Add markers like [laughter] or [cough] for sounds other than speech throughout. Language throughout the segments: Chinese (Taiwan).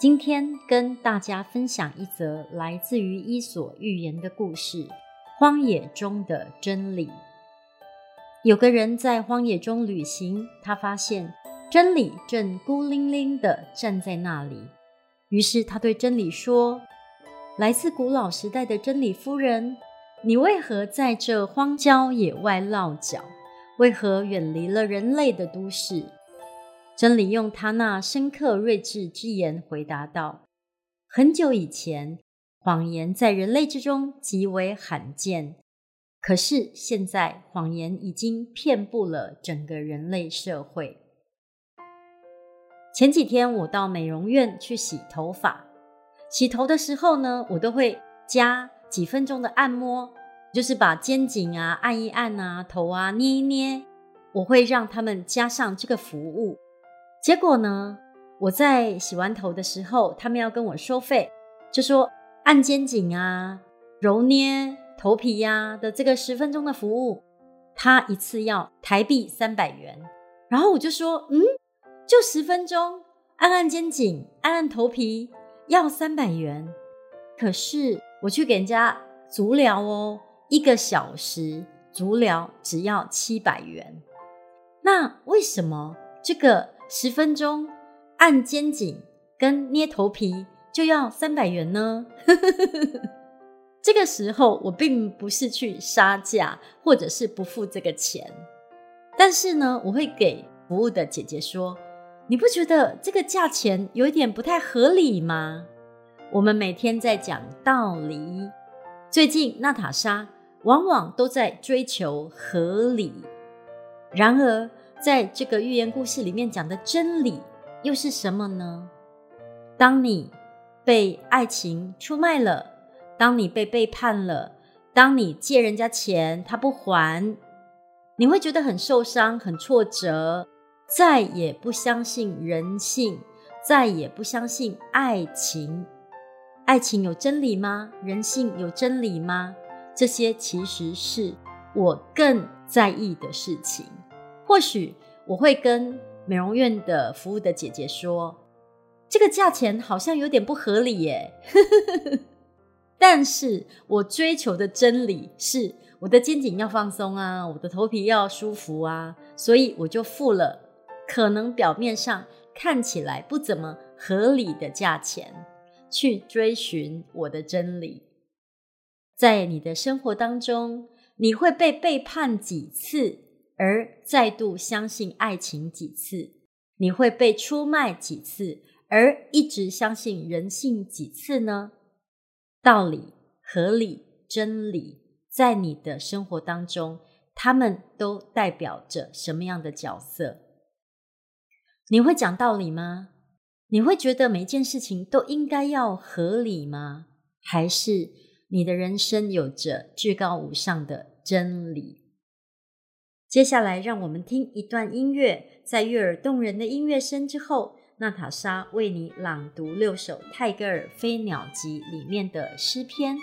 今天跟大家分享一則來自於《伊索寓言》的故事，《荒野中的真理》。有個人在荒野中旅行，他發現真理正孤零零地站在那裡。於是他對真理說：“來自古老時代的真理夫人，你為何在這荒郊野外落腳？為何遠離了人類的都市？”真理用他那深刻睿智之言回答道：“很久以前，謊言在人類之中極為罕見。可是現在，謊言已經遍布了整個人類社會。前幾天，我到美容院去洗頭髮，洗頭的時候呢，我都會加幾分鐘的按摩，就是把肩頸啊按一按啊，頭啊捏一捏。我會讓他們加上這個服務。”結果呢？我在洗完頭的時候，他們要跟我收費，就說按肩頸啊、揉捏頭皮呀、啊、的這個十分鐘的服務，他一次要台幣三百元。然後我就說：“嗯，就十分鐘，按按肩頸，按按頭皮，要三百元。”可是我去給人家足療哦，一個小時足療只要七百元。那為什麼這個？十分鐘按肩頸跟捏頭皮就要三百元呢。 [laughs] 這個時候我並不是去殺價或者是不付這個錢，但是呢，我會給服務的姐姐說：“你不覺得這個價錢有一點不太合理嗎？”我們每天在講道理，最近娜塔莎往往都在追求合理。然而，在這個寓言故事裡面講的真理又是什麼呢？當你被愛情出賣了，當你被背叛了，當你借人家錢他不還，你會覺得很受傷、很挫折，再也不相信人性，再也不相信愛情。愛情有真理嗎？人性有真理嗎？這些其實是我更在意的事情。或許我會跟美容院的服務的姐姐說：“這個價錢好像有點不合理耶。 [laughs] ”但是，我追求的真理是我的肩頸要放鬆啊，我的頭皮要舒服啊，所以我就付了可能表面上看起來不怎麼合理的價錢，去追尋我的真理。在你的生活當中，你會被背叛幾次？而再度相信愛情幾次？你會被出賣幾次？而一直相信人性幾次呢？道理、合理、真理，在你的生活當中，他們都代表着什麼樣的角色？你會講道理嗎？你會覺得每件事情都應該要合理嗎？還是你的人生有着至高無上的真理？接下來，讓我們聽一段音樂。在悅耳動人的音樂聲之後，娜塔莎為你朗讀六首泰戈爾《飛鳥集》裡面的詩篇。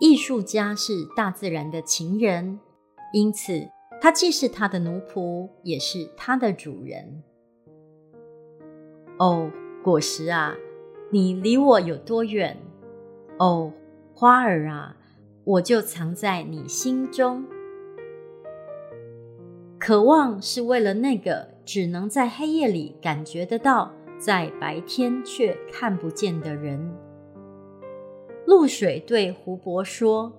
藝術家是大自然的情人，因此他既是他的奴僕，也是他的主人。哦，果實啊，你離我有多遠？哦，花兒啊，我就藏在你心中。渴望是為了那個只能在黑夜裡感覺得到，在白天卻看不見的人。露水對湖泊說：“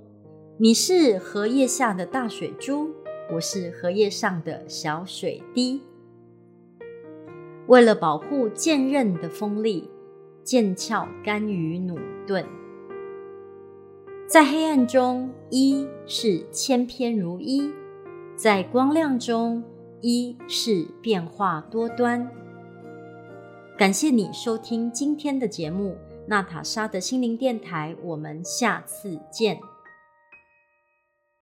你是荷葉下的大水珠，我是荷葉上的小水滴。為了保護劍刃的鋒利，劍鞘甘於努鈍。在黑暗中，一是千篇如一；在光亮中，一是變化多端。感謝你收聽今天的節目。”娜塔莎的心靈電台，我們下次見。